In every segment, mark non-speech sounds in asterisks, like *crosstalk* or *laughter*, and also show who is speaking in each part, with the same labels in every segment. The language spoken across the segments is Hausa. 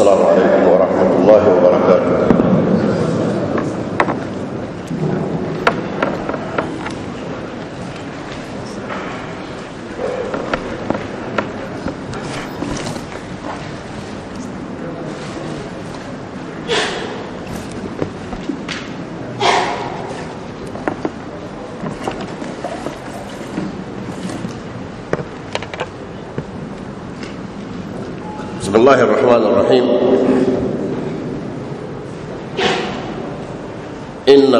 Speaker 1: السلام عليكم ورحمة الله وبركاته بسم الله الرحمن الرحيم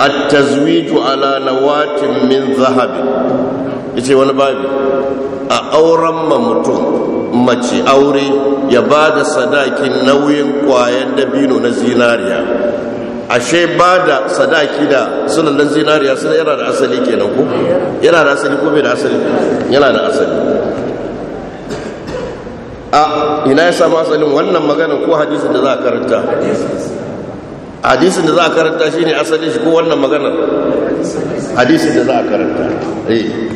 Speaker 1: at-tazwiju ala lawatin min zahab yace wani babi a auren ma mutum mace aure ya ba da sadakin nauyin kwayan dabino na zinariya ashe ba da sadaki da sulallan zinariya suna yana da asali kenan ko yana da asali ko bai da asali yana da asali a ina ya samu asalin wannan magana ko hadisin da za a karanta hadisin da za a karanta shi ne asalin shi ko wannan maganar hadisin da za a karanta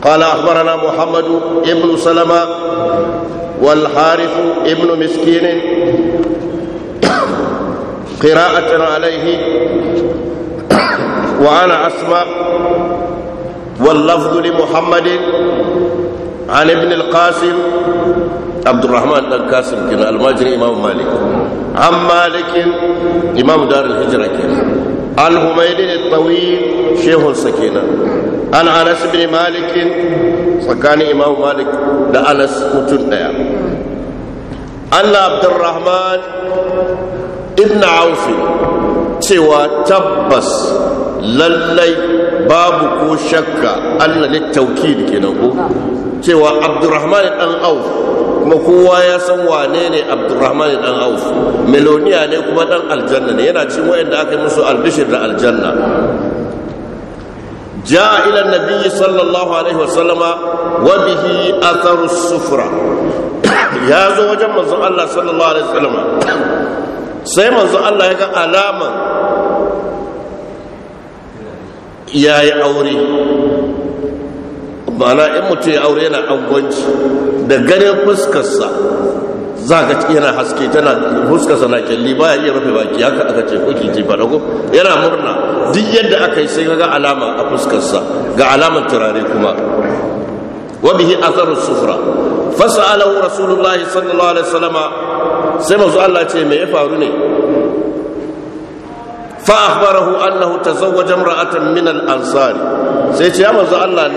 Speaker 1: قال أخبرنا محمد ابن سلمة والحارث ابن مسكين قراءة عليه وأنا أسمع واللفظ لمحمد عن ابن القاسم Abdulrahman dan kasir kenan almajiri imam malik an malikin imam darul hijra kenan an ne tawil shehun sa kenan an anas bin malik tsakanin imam malik da anas mutum daya Allah abdurrahman ibn auf cewa tabbas lallai babu ko shakka allah ne taukid kenan ko cewa Abdulrahman dan auf kuma kowa ya san wane ne Abdulrahman dan auf meloniya ne kuma dan aljanna ne yana cikin wayanda aka yi musu albishir da aljanna جاء إلى النبي صلى الله عليه وسلم وبه ya zo wajen زوج Allah الله alaihi الله عليه وسلم سيما الله يقول alaman. ya yi aure bala in mutum ya aure yana angwanci da ganin fuskarsa za ka ci yana haske tana fuskarsa na kyalli baya iya rufe baki haka aka ce kuki ji ba dago yana murna duk yadda aka yi sai ga alama a fuskarsa ga alamar turare kuma wa bihi atharu sufra fasalahu rasulullahi sallallahu alaihi wasallam sai manzo Allah ce me ya faru ne fa akhbarahu annahu tazawwaja imra'atan min al-ansari sai ce ya manzo Allah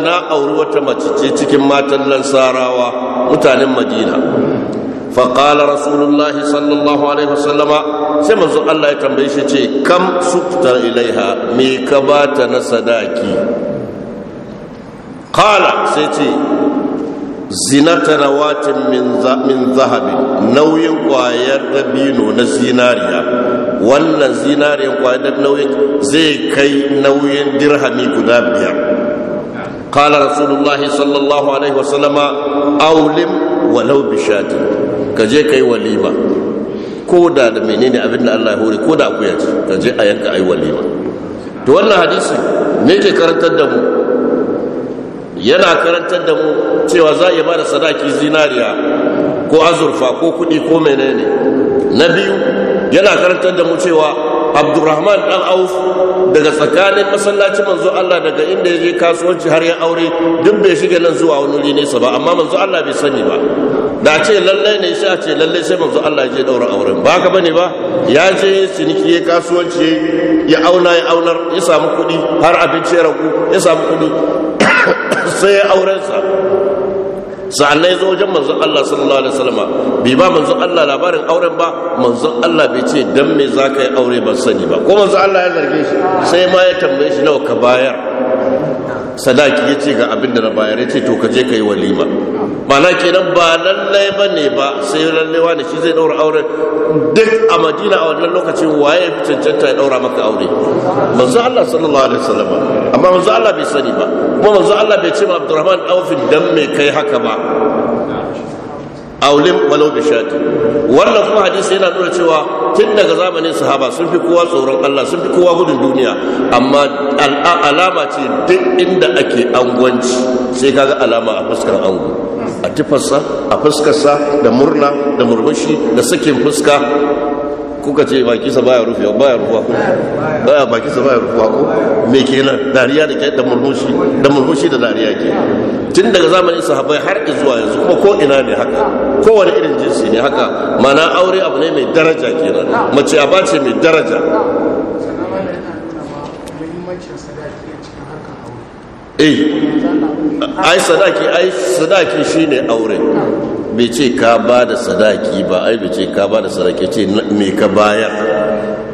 Speaker 1: na auri wata mace ce cikin matan lansarawa mutanen madina faƙala rasulullahi sallallahu alaihi wasallama sai manzo Allah ya tambaye shi ce kam sukta ilaiha me ka bata na sadaki kala sai ce zinata rawatin min zahabin nauyin ƙwayar dabino na zinariya wannan zinariyan kwanan nauyin zai kai nauyin dirhami guda biyar kala rasulullahi sallallahu alaihi wasallama aulim walau bishati ka je ka yi walima ko da da menene abin da allah ya hori ko da ku yaji ka je a yanka a yi walima to wannan hadisi me ke karantar da mu yana karantar da mu cewa za a iya ba da sadaki zinariya ko azurfa ko kuɗi ko menene na biyu yana karantar da mu cewa abdurrahman dan auf daga tsakanin masallacin manzo Allah daga inda yake kasuwanci har ya aure duk bai shiga nan zuwa wani wuri nesa ba amma manzo Allah bai sani ba da ce lallai ne sai a ce lallai sai manzo Allah ya je daura auren ba ka bane ba ya je ciniki ya kasuwanci ya auna ya aunar ya samu kuɗi har abinci ya ragu ya samu kuɗi *coughs* sai ya aurensa ya zo wajen manzon Allah sallallahu alaihi wasallam bai ba manzon Allah labarin auren ba manzon Allah bai ce dan me zaka yi aure ban sani ba ko manzon Allah ya zarge shi sai ma ya tambaye shi nawa ka bayar sadaki ya ce ga abin da na bayar ya ce to kaje je ka yi walima mana kenan ba lallai ba ne ba sai lallai wani shi zai daura auren duk a madina a wannan lokacin waye ya fi cancanta ya daura maka aure manzo Allah sallallahu alaihi wasallam amma manzo Allah bai sani ba kuma manzo Allah bai ce ma Abdurrahman aufin dan me kai haka ba aulim walau bi shati wannan kuma hadisi yana nuna cewa tun daga zamanin sahaba sun fi kowa tsoron Allah sun fi kowa gudun duniya amma alama ce duk inda ake angwanci sai kaga alama a fuskar ango a tifarsa a fuskarsa da murna da murmushi da sakin fuska kuka ce bakinsa baya rufewa baya rufuwa baya bakinsa baya rufuwa ko me kenan dariya da kai da murmushi da murmushi da dariya ke tun daga zamanin sahabbai har zuwa yanzu kuma ko ina ne haka kowane irin jinsi ne haka mana aure abu ne mai daraja kenan mace a bace mai daraja eh ai sadaki ai sadaki shine aure bai ce ka ba da sadaki ba ai bai ce ka ba da sadaki ce mai ka bayar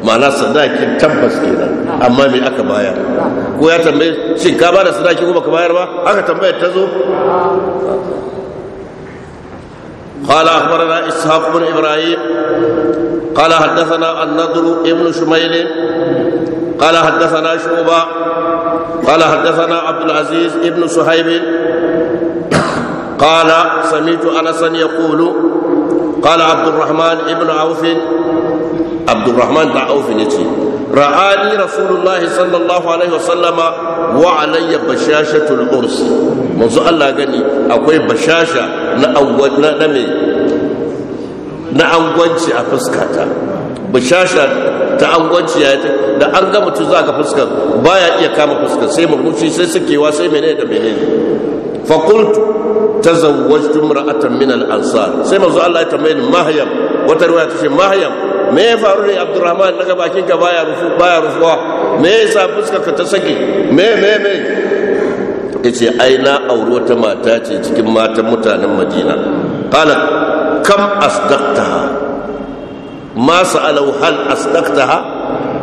Speaker 1: ma'ana sadaki tabbas ke nan amma mai aka bayar ko ya tambaye shi ka ba da sadaki ko baka bayar ba aka tambaye ta zo قال أخبرنا إسحاق بن إبراهيم قال حدثنا النضر ابن شميل قال حدثنا شعبة قال حدثنا عبد العزيز ابن صهيب قال سمعت انسا يقول قال عبد الرحمن ابن عوف عبد الرحمن بن عوف يتي رآني رسول الله صلى الله عليه وسلم وعلي بشاشة العرس منذ الله غني أقوي بشاشة نأول نمي نأولش أفسكاتا bishasha ta angwanci ya ta da an ga mutum za ka fuskar baya iya kama fuskar sai murmushi sai sakewa sai menene da menene fakultu tazawwajtu imra'atan min al-ansar sai manzo Allah ya tambaye mahyam wata riwaya tace ce mahyam me ya faru ne Abdurrahman daga bakin ka baya rufu baya rufuwa me yasa fuskar ka ta saki me me me yace ai na auri wata mata ce cikin matan mutanen Madina qala kam asdaqtaha ma sa'alu hal asdaqtaha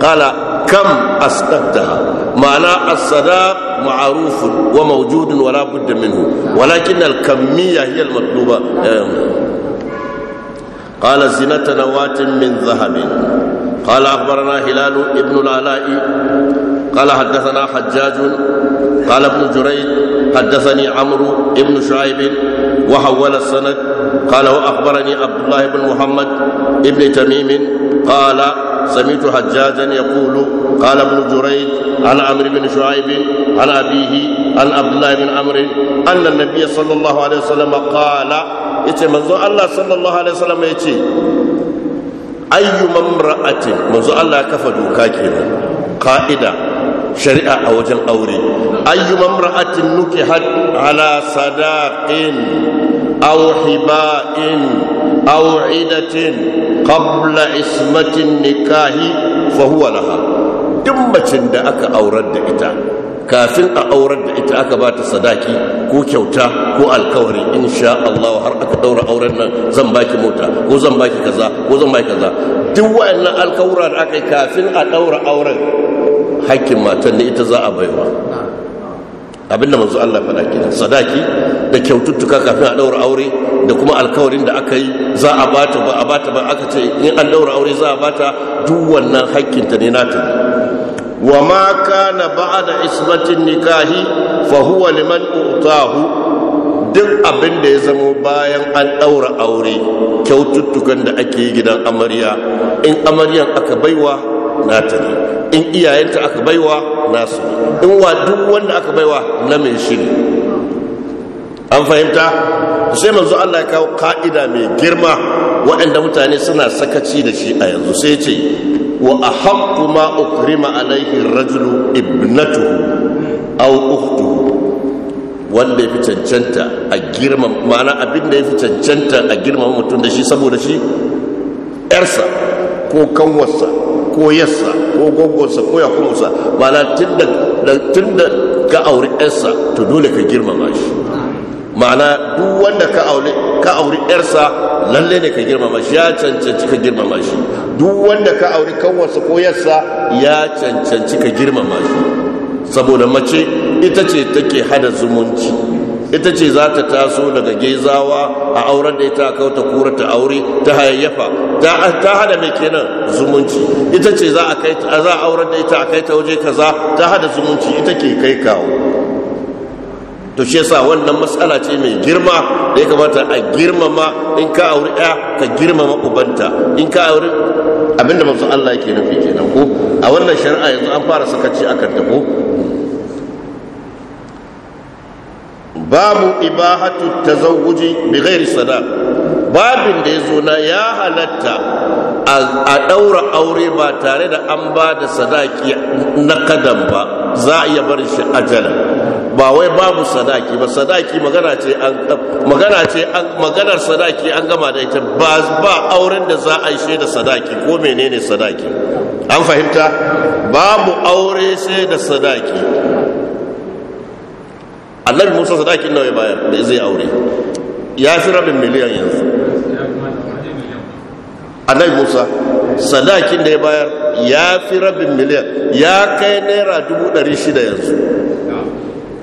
Speaker 1: qala kam asdaqtaha ma'ana as-sadaq معروف وموجود ولا بد منه ولكن الكمية هي المطلوبة قال زنة نوات من ذهب قال أخبرنا هلال ابن العلاء قال حدثنا حجاج قال ابن جريج حدثني عمرو بن شعيب وحول السند قال واخبرني عبد الله بن محمد بن تميم قال سمعت حجاجا يقول قال ابن جريج عن عمرو بن شعيب عن ابيه عن عبد الله بن عمرو ان النبي صلى الله عليه وسلم قال yace manzo Allah sallallahu alaihi wasallam yace ayyu mamra'atin manzo Allah ya kafa doka kenan qa'ida shari'a a wajen aure ayyuma imra'atin nukihat ala sadaqin aw hiba'in aw idatin qabla ismatin nikahi fa huwa laha duk macin da aka aurar da ita kafin a aurar da ita aka ba ta sadaki ko kyauta ko alkawari insha Allah har aka daura auren nan zan baki mota ko zan baki kaza ko zan baki kaza duk wayannan alkawura da aka yi kafin a daura auren hakkin matan da ita za a baiwa abinda manzo Allah faɗa kenan sadaki da kyaututtuka kafin a daura aure da kuma alkawarin da aka yi za a bata ba a bata ba aka ce in an daura aure za a bata duk wannan hakkin ta ne nata wa ma kana ba'da ismatin nikahi fa huwa liman utahu duk abin da ya zama bayan an ɗaura aure kyaututtukan da ake yi gidan amarya in amaryan aka baiwa nata ne in iyayenta aka baiwa nasu in wa duk wanda aka baiwa na mai shiri an fahimta sai manzo Allah ya kawo ka'ida mai girma waɗanda mutane suna sakaci da shi a yanzu sai ce wa ahaqqu ma ukrima alaihi rajulu ibnatu aw ukhtuhu wanda ya fi cancanta a girma ma'ana abin da ya fi cancanta a girma mutum da shi saboda shi yarsa ko kanwarsa ko yassa ko gogonsa ko ya ba na tun da ka auri yarsa to dole ka girmama shi ma'ana duk wanda ka auri yarsa lalle ne ka girmama shi ya cancanci ka girmama shi duk wanda ka auri kanwarsa ko yarsa ya cancanci ka girmama shi saboda mace ita ce take hada zumunci ita ce za ta taso daga gezawa a auren da ita kauta kura ta aure ta hayayyafa ta hada mai kenan zumunci ita ce za a kai za a auren da ita a kai ta waje kaza ta hada zumunci ita ke kai kawo to shi yasa wannan matsala ce mai girma da ya kamata a girmama in ka auri ɗaya ka girmama ubanta in ka auri abinda mafi Allah yake nufi kenan ko a wannan shari'a yanzu an fara sakaci a ta ko babu ibahatu tazawuji bi ghairi sadaq babin da yazo na ya halatta a daura aure ba tare da an ba da sadaki na kadan ba za a iya bar shi ajala ba wai babu sadaki ba sadaki magana ce an magana ce an maganar sadaki an gama da ita ba ba auren da za a yi da sadaki ko menene sadaki an fahimta babu aure sai da sadaki bin musa sadakin nawa ya bayar da zai aure ya fi rabin miliyan yanzu bin musa sadakin da ya bayar ya fi rabin miliyan ya kai naira dubu ɗari shida yanzu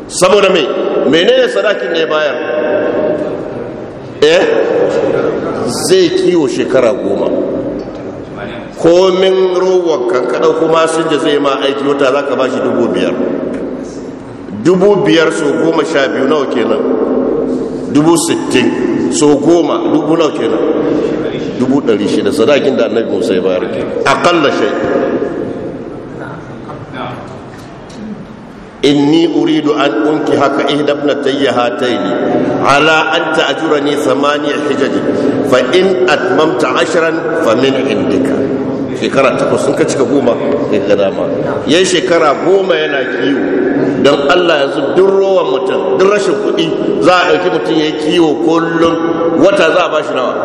Speaker 1: saboda mai menene sadakin da ya bayar eh zai kiwo shekara goma komin ruwan kankanar kuma sun ji zai ma aiki wata za ka ba shi dubu biyar dubu biyar so goma sha biyu nawa kenan dubu sittin so goma dubu nawa kenan dubu ɗari shida sadakin da annabi musa ya bayar ke aƙalla shai inni uridu an unki haka ihda ibnatayya ne ala an ta'jurani samaniya hijaj fa in atmamta ashirin fa min indika shekara takwas sun ka cika goma daga dama yayin shekara goma yana kiwo don Allah yanzu duk rowan mutum duk rashin kuɗi za a ɗauki mutum ya kiwo kullum wata za a ba shi nawa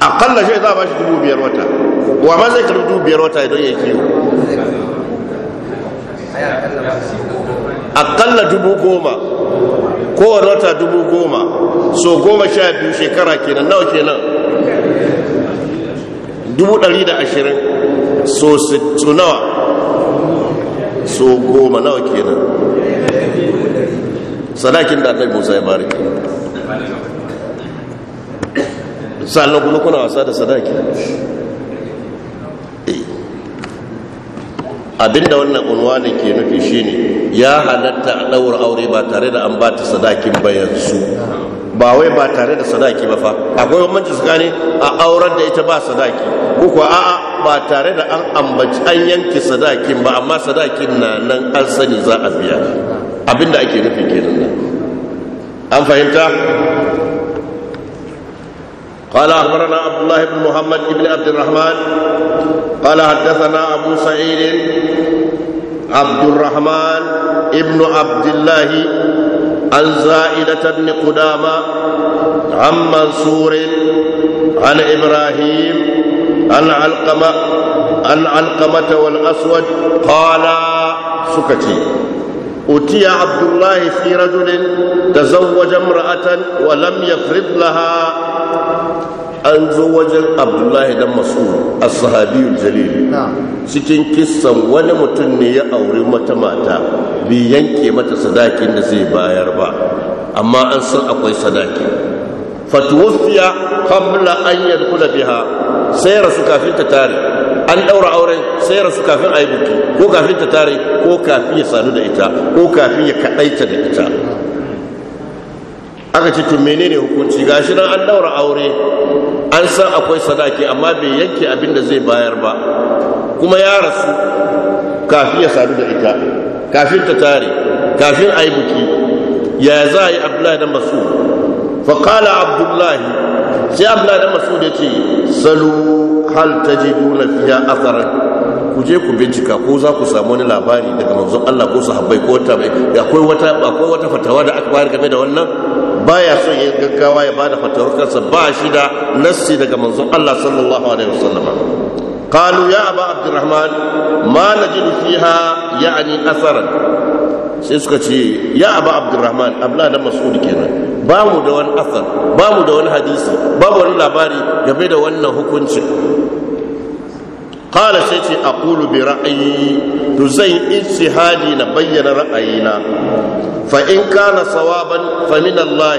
Speaker 1: akalla shi za a ba shi dubu biyar wata wa ma zai karbi dubu biyar wata don ya kiwo akalla dubu goma kowane wata dubu goma so goma sha biyu shekara kenan nawa kenan dubu ɗari da ashirin so nawa so goma nawa kenan sadakin da annabi musa ya bari sannan kuma kuna wasa da sadaki eh. abinda wannan unwani ke nufi shine ya halatta a daura aure ba tare da an ba ta sadakin bayansu ba wai ba tare da sadaki ba fa akwai wani su gane a auren da ita ba sadaki ko kuwa a'a ba tare da an ambaci an yanke sadakin ba amma sadakin na nan an sani za a biya abinda ake nufi kenan nan an fahimta قال أخبرنا عبد الله بن محمد بن عبد الرحمن قال حدثنا أبو سعيد عبد الرحمن ابن عبد الله عن زائدة بن قدامة عن منصور عن إبراهيم an alqama an wal aswad qala suka ce أتي عبد الله في رجل تزوج امرأة ولم يفرض an zo wajen abdullahi dan mas'ud as-sahabiyu jalil cikin kissan wani mutum ne ya auri mata mata bai yanke mata sadakin da zai bayar ba amma an san akwai sadaki fatuwafiya qabla an yadkhula biha sai rasu kafin ta tare an daura auren sai rasu kafin a yi buki ko kafin ta tare ko kafin ya sadu da ita ko kafin ya kaɗaita da ita aka ce tun menene hukunci gashi nan an daura aure an san akwai sadaki amma bai yanke abin da zai bayar ba kuma ya rasu kafin ya sadu da ita kafin ta tare kafin a yi buki ya za a yi abdullahi da masu فقال عبد الله sai abdullahi da masu da ce salu hal ta ji duna fiya asarar ku je ku bincika ko za ku samu wani labari daga manzon Allah ko sahabbai ko wata mai akwai wata akwai wata fatawa da aka bayar game da wannan baya son ya gaggawa ya bada fatawar kansa ba shi da nassi daga manzon Allah sallallahu alaihi wasallam قالوا يا أبا عبد الرحمن ما نجد فيها يعني أثرا sai suka ce ya abu abdurrahman abla da mas'ud kenan ba mu da wani asar ba mu da wani hadisi ba mu wani labari game da wannan hukuncin qala sai ce aqulu bi ra'ayi to zan hadi na bayyana ra'ayina fa in kana sawaban fa min Allah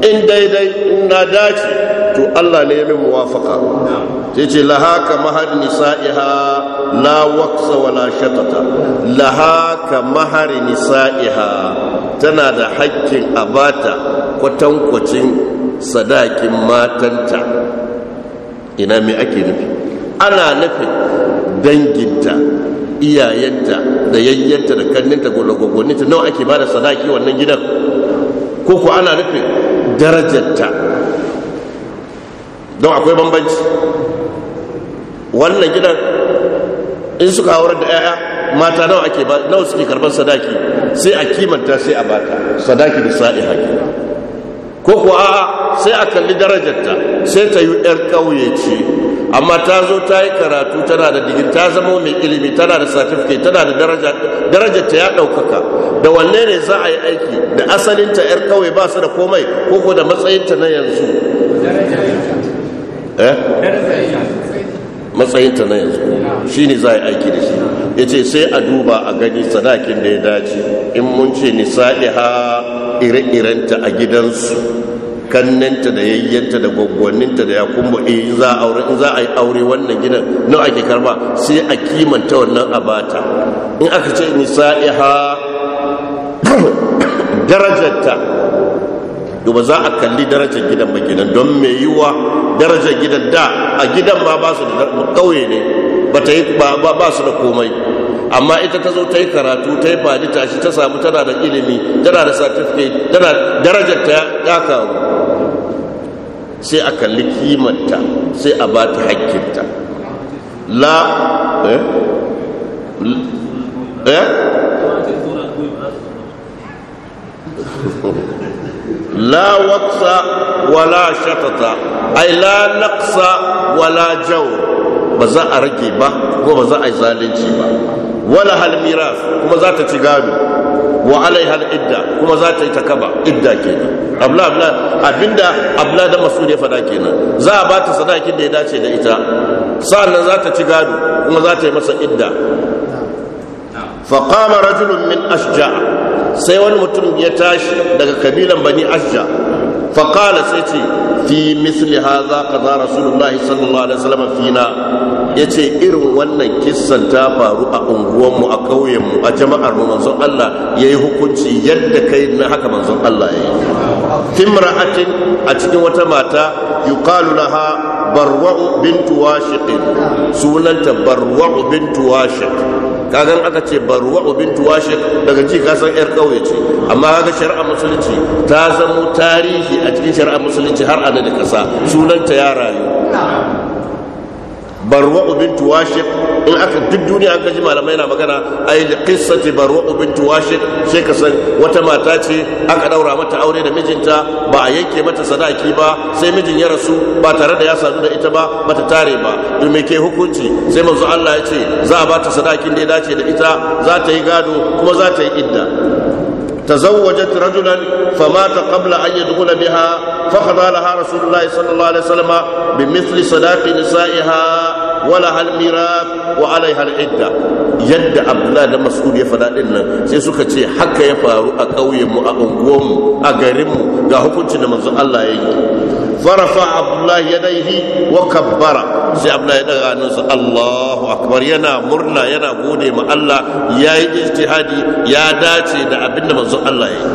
Speaker 1: in daidai in na dace to Allah ne ya min muwafaka sai ce laha ka mahar nisa'iha la waqsa wala shatata laha ka mahar nisa'iha tana da haƙƙin bata kwatankwacin sadakin matanta ina me ake nufi ana nufin danginta iyayenta da yayyanta da kanninta gwagwagwaninta nawa ake ba da sadaki wannan gidan ko ku ana nufin darajarta don akwai bambanci wannan gidan in suka haurar da 'ya'ya mata nawa ake ba nawa suke karban sadaki sai a kimanta sai a bata sadaki da sa'i haƙi ko kuwa sai a kalli darajarta sai ta yi 'yar ƙauye ce amma ta zo ta yi karatu tana da digin ta zama mai ilimi tana da certificate tana da daraja ta ya ɗaukaka da wanne ne za a yi aiki da asalinta 'yar kawai ba su da komai ko ko da matsayinta na yanzu eh? matsayinta na yanzu shi ne za a yi aiki da shi ya ce sai a duba a gani sadakin da ya dace in mun ce nisa'iha ire-irenta a gidansu kannanta da yayyanta da gwaggwaninta da ya kuma eh, in za a yi aure wannan gidan nawa ake karba sai a kimanta wannan abata in aka ce ha *coughs* darajarta duba za a kalli darajar gidan ba gidan don mai wa darajar gidan da a gidan ma ba su da ƙauye ne ba su da komai amma ita ta zo ta yi karatu ta yi fadi shi ta samu tana da ilimi tana da certificate tana darajar ta ya kawo sai a kalli kimanta sai a ba ta hakkinta la eh eh la waqsa wala shatata ay la naqsa wala jaw ba za a rage ba ko ba za a yi zalunci ba wala hal miras kuma za ta ci gado wa alai hal idda kuma za ta yi ta kaba, idda kenan abla abla abinda abla da masu ya fada kenan za a ba ta sadakin da ya dace da ita sa'annan za ta ci gado kuma za ta yi masa idda faqama rajulun min ashja sai wani mutum ya tashi daga kabilan bani ashja faqala sai ce fi misli hadha qada rasulullahi sallallahu alaihi wasallam fina ya ce irin wannan kisan ta faru a unguwanmu a ƙauyenmu a jama'ar mu manzon Allah ya yi hukunci yadda kai na haka manzon Allah ya yi timra'atin a cikin wata mata na laha barwa'u bintu washiq sunanta barwa'u bintu washiq kagan aka ce barwa'u bintu washiq daga ji kasan yar ƙauye ce amma kaga shari'a musulunci ta zamo tarihi a cikin shari'a musulunci har a da kasa sunanta ya rayu barwa'u bintu washiq in aka duk duniya an kaji malamai na magana ai li qissati barwa'u bintu washiq sai ka san wata mata ce aka daura mata aure da mijinta ba a yanke mata sadaki ba sai mijin ya rasu ba tare da ya sadu da ita ba bata tare ba to me ke hukunci sai manzo Allah ya ce za a bata sadakin da ya dace da ita za ta yi gado kuma za ta yi idda تزوجت رجلا فمات قبل أن يدخل بها فقضى لها رسول الله صلى الله عليه وسلم بمثل صداق نسائها ولها الميراث وعليها العدة يد عبد الله da Mas'ud ya faɗa din nan sai suka ce haka ya faru a ƙauyen mu a unguwar mu a garin mu ga hukuncin da manzon Allah ya yi farafa Abdullah yadaihi sai abla ya daga hannunsa Allahu akbar yana murna yana gode ma Allah ya yi ijtihadi ya dace da abin da manzon Allah ya yi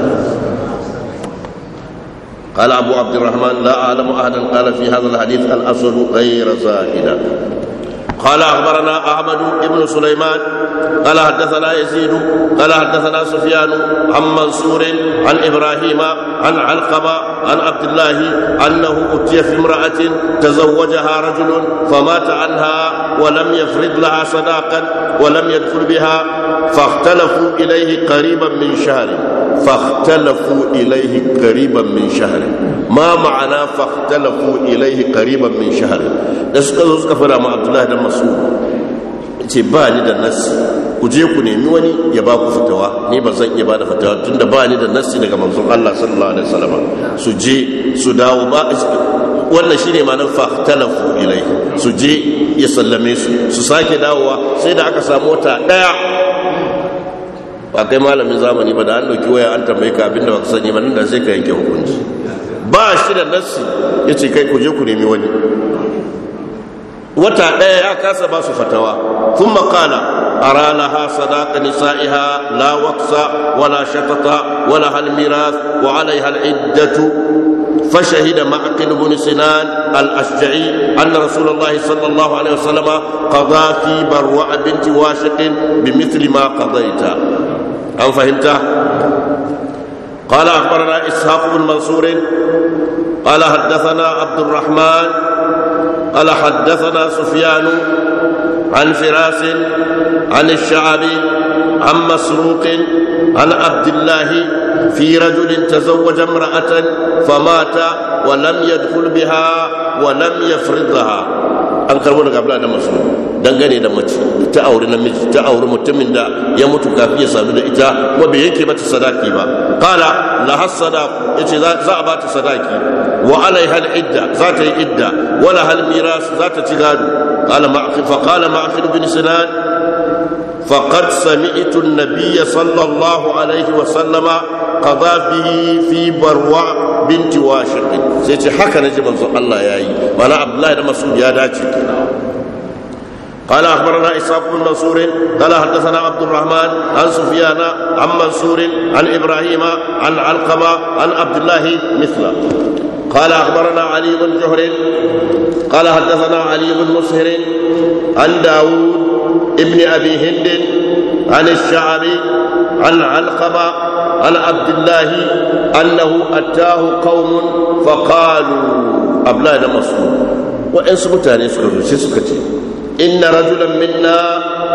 Speaker 1: قال أبو عبد الرحمن لا أعلم أحدا قال في هذا الحديث الأصل غير زائدة قال اخبرنا احمد بن سليمان قال حدثنا يزيد قال حدثنا سفيان عن منصور عن ابراهيم عن علقمه عن عبد الله انه اتي في امراه تزوجها رجل فمات عنها ولم يفرض لها صداقا ولم يدخل بها فاختلفوا اليه قريبا من شهر فاختلفوا اليه قريبا من شهر ما معنى فاختلفوا اليه قريبا من شهر اسكت اسكت zo عبد الله ma masu ce ba ni da nassi ku je ku nemi wani ya ba ku fitawa ni ba zan iya ba da fatawa tunda ba ni da nassi daga manzon Allah sallallahu alaihi wasallam su je su dawo ba wannan shine ma'anar fahtalafu ilai su je ya sallame su su sake dawowa sai da aka samu wata daya ba kai malamin zamani ba da an dauki waya an tambaye ka abinda baka sani ba nan da sai ka yanke hukunci ba shi da nassi yace kai ku je ku nemi wani wata ɗaya ya kasa ba su fatawa sun makala a rana ha sadaka nisa'iha la waksa wala shakata wala halmiras wa alaiha al'iddatu فشهد معقل بن سنان الأشجعي أن رسول الله صلى الله عليه وسلم قضى في بروع بنت واشق بمثل ما قضيت أو فهمت قال أخبرنا إسحاق بن منصور قال حدثنا عبد الرحمن قال حدثنا سفيان عن فراس عن الشعبي عن مسروق عن عبد الله في رجل تزوج امرأة فمات ولم يدخل بها ولم يفرضها an karbo daga abdullahi da masu dangane da mace ta auri namiji ta auri mutumin da ya mutu kafin ya sadu da ita kuma bai yanke mata sadaki ba kala lahas sadaq yace za a bata sadaki wa alaiha al-idda za ta yi idda wa lahal miras za ta ci gado qala ma'qil fa qala ma'qil bin sinan faqad sami'tu an-nabiy sallallahu alaihi wa sallama qada bihi fi barwa binti washiq sai ce haka naji manzo Allah yayi mana abdullahi da masud ya dace قال اخبرنا اسحاق بن منصور قال حدثنا عبد الرحمن عن سفيان عن منصور عن ابراهيم عن علقمه عن عبد الله مثله قال اخبرنا علي بن جهر قال حدثنا علي بن مسهر عن داود ابن ابي هند عن الشعبي عن علقمه عن عبد الله انه اتاه قوم فقالوا ابلاد مسعود وان سبتاني سكتوا شي سكتي inna rajulan minna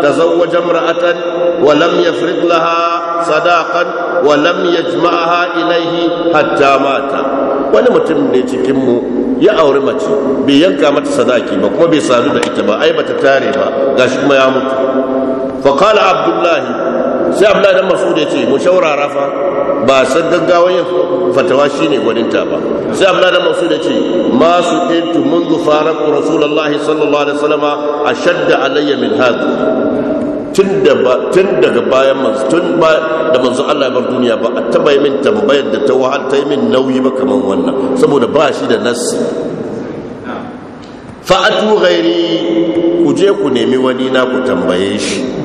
Speaker 1: tazawwaja imra'atan wa lam yafriq laha sadaqan wa lam yajma'aha ilayhi hatta mata wani mutum ne cikin mu ya auri mace bai yanka mata sadaki ba kuma bai sadu da ita ba ai bata tare ba gashi kuma ya mutu fa abdullahi sai abdullahi dan mas'ud ya ce mu shaurara fa ba san gaggawa yin fatawa shine gwaninta ba sai abdullahi dan mas'ud ya ce ma su intu منذ فارقت رسول sallallahu alaihi الله عليه وسلم اشد علي من هذا tun daga bayan manzo tun da manzo Allah bar duniya ba a taba yi min tambayar da ta wahal ta yi min nauyi ba kamar wannan saboda ba shi da nassi fa'atu ghairi ku je ku nemi wani na ku tambaye shi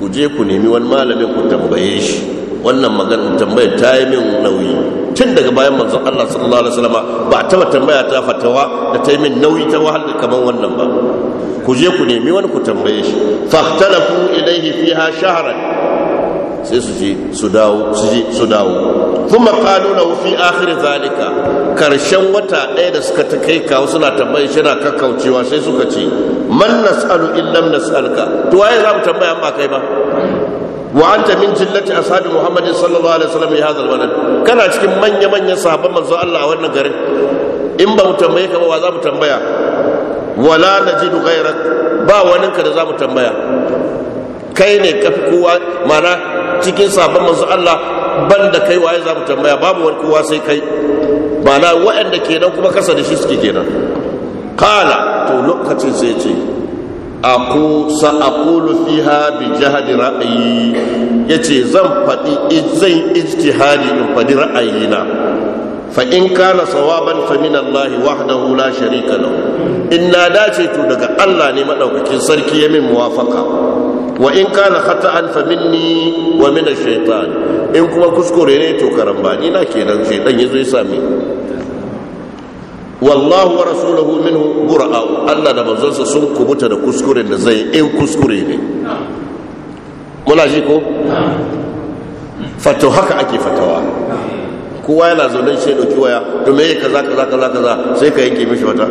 Speaker 1: ku je ku nemi wani malamin ku tambaye shi wannan magana tambayar ta yi min nauyi tun daga bayan manzon Allah sallallahu alaihi wasallam ba a taba tambaya ta fatawa da ta yi min nauyi ta wahala kamar wannan ba ku je ku nemi wani ku tambaye shi fahtalafu ilaihi fiha shahran sai su je su dawo su je su dawo Kuma kano na fi akhir zalika karshen wata ɗaya da suka ta kai kawo suna tambaye shi na kakkaucewa sai suka ce man nas'alu illam nas'alka to waye za mu tambaya amma kai ba wa anta min jillati ashabi muhammadin sallallahu alaihi wasallam ya hadal walad kana cikin manya manyan sahabban manzo Allah a wannan garin in ba mu tambaye ka ba wa za mu tambaya wala najidu ghayrak ba ka da za mu tambaya kai ne kafi kowa mana cikin sabon manzo Allah ban da kai waye za mu tambaya babu wani kowa sai kai Ba ma'ana waɗanda nan kuma kasa da shi suke kenan kala to lokacin sai ce aku sa aqulu fiha bi jahdi ra'ayi yace zan faɗi zan ijtihadi in faɗi na. fa in kana sawaban fa min Allah wahdahu la sharika lahu in na dace to daga Allah ne madaukakin sarki ya min muwafaka wa in kana khata'an fa minni wa min ash-shaytan in kuma kuskure ne to karamba ni na kenan shaytan yazo ya same wallahu wa rasuluhu minhu bura'a Allah da manzonsa sun kubuta da kuskuren da zai in kuskure ne muna ji fato haka ake fatawa kowa yana zaune shi dauki waya to me kaza kaza kaza kaza sai ka yanke mishi wata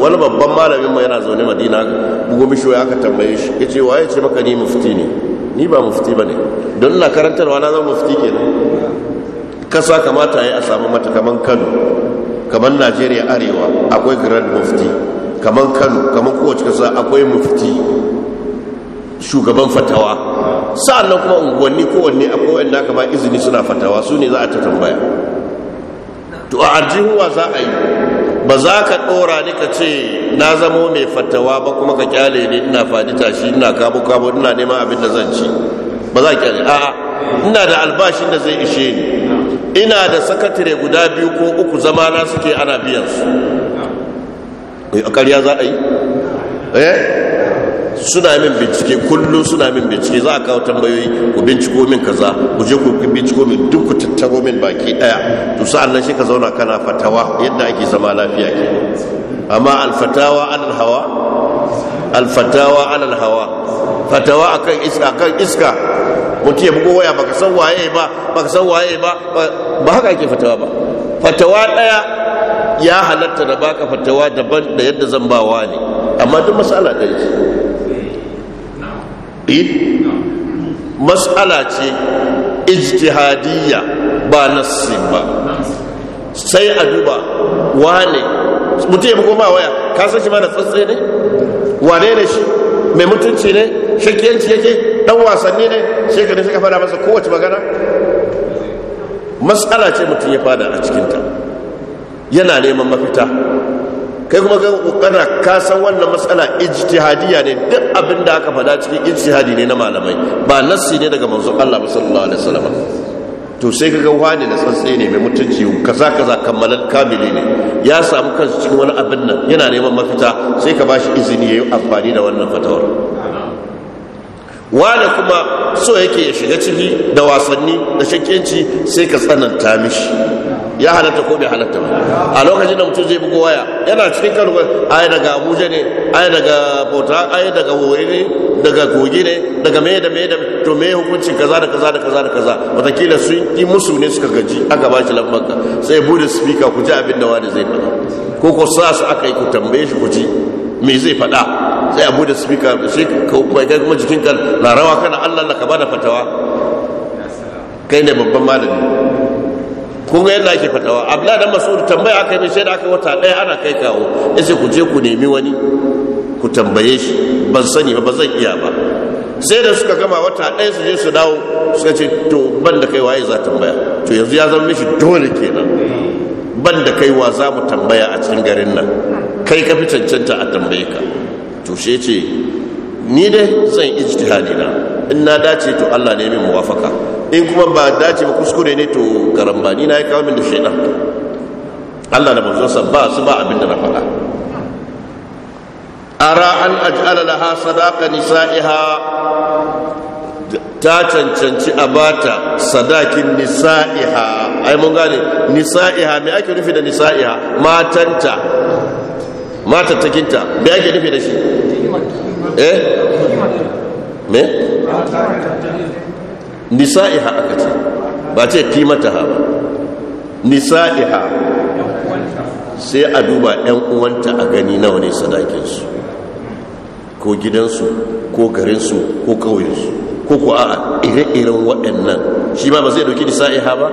Speaker 1: wani babban malamin ma yana zaune madina bugo mishi waya aka tambaye shi yace wa ce maka ni mufti ne ni ba mufti bane don na karantarwa na zama mufti kenan kasa kamata yi a samu mata kaman Kano kaman Najeriya arewa akwai grand mufti kaman Kano kaman kowace kasa akwai mufti shugaban fatawa sa'annan kuma unguwanni kowanne a kowanne da aka ba izini suna fatawa su ne za a ta tambaya to a arjihuwa za a yi ba za ka ɗora ni ka ce na zamo mai fatawa ba kuma ka kyale ne ina faɗi tashi ina kabo kabo ina neman abin da zan ci ba za kyale a'a ina da albashin da zai ishe ni ina da sakatare guda biyu ko uku zama na suke ana biyan su eh, a ƙarya za a yi eh suna min bincike kullum suna min bincike za a kawo tambayoyi ku binciko min kaza ku je ku binciko min duk ku tattaro min baki daya to sa'an nan shi ka zauna kana fatawa yadda ake zama lafiya ke amma alfatawa alal hawa alfatawa alal hawa fatawa akan iska akan iska mutum ya bugo waya baka san waye ba baka san waye ba ba haka ake fatawa ba fatawa daya ya halatta da baka fatawa daban da yadda zan wa ne amma duk masala ɗaya ce matsala ce ijtihadiyya ba nassi ba sai a duba wane mutum ya koma waya ka shi ma da tsatse ne wane ne shi mai mutunci ne shakiyanci yake dan wasanni ne shekaru suka fara masa kowace magana matsala ce mutum ya fada a cikinta yana neman mafita kai kuma kana ka san wannan matsala ijtihadiyya ne duk abin da aka faɗa cikin ijtihadi ne na malamai ba nassi ne daga manzon Allah sallallahu alaihi wasallam to sai kaga wani da tsantsi ne mai mutunci kaza kaza kammalan kamili ne ya samu kansa cikin wani abin nan yana neman mafita sai ka bashi izini yayi amfani da wannan fatawar wani kuma so yake ya shiga ciki da wasanni da shakkenci sai ka tsananta mishi ya halatta ko bai halatta ba a lokacin da mutum zai bugo waya yana cikin kano ai daga abuja ne ai daga bauta ai daga wuri ne daga kogi ne daga me da me da to me hukuncin kaza da kaza da kaza da kaza watakila sun yi musu ne suka gaji aka ba shi lambarka sai bude speaker ku ji abin da wani zai faɗa ko ko sa su aka yi ku tambaye shi ku ji me zai faɗa sai a bude speaker sai ka kuma jikin na rawa kana allah ka bada fatawa kai ne babban malami kun ga yadda ake fatawa abdullahi dan mas'ud tambaya aka yi mai shaida aka wata ɗaya ana kai kawo yace ku je ku nemi wani ku tambaye shi ban sani ba ba zan iya ba sai da suka gama wata ɗaya su je su dawo suka ce to ban da kai waye za tambaya to yanzu ya zama mishi dole kenan ban da kai wa za mu tambaya a cikin garin nan kai ka fi cancanta a tambaye ka to shi ce ni dai zan ijtihadi na in na dace to Allah ne min muwafaka in kuma ba dace ba kuskure ne to karambani na ya kawo min da shaidan Allah da manzonsa ba su ba abin da na faɗa ara an aj'ala laha sadaqa nisa'iha ta cancanci a bata sadakin nisa'iha ai mun gane nisa'iha me ake nufi da nisa'iha matanta takinta me ake nufi da shi eh me nisa'iha aka ce ba ce ha ba nisa'iha sai a duba 'yan uwanta a gani nawa ne sadakinsu ko gidansu ko garinsu ko ƙauyensu ko ko a'a ire-iren waɗannan shi ma ba zai dauki nisa'iha ba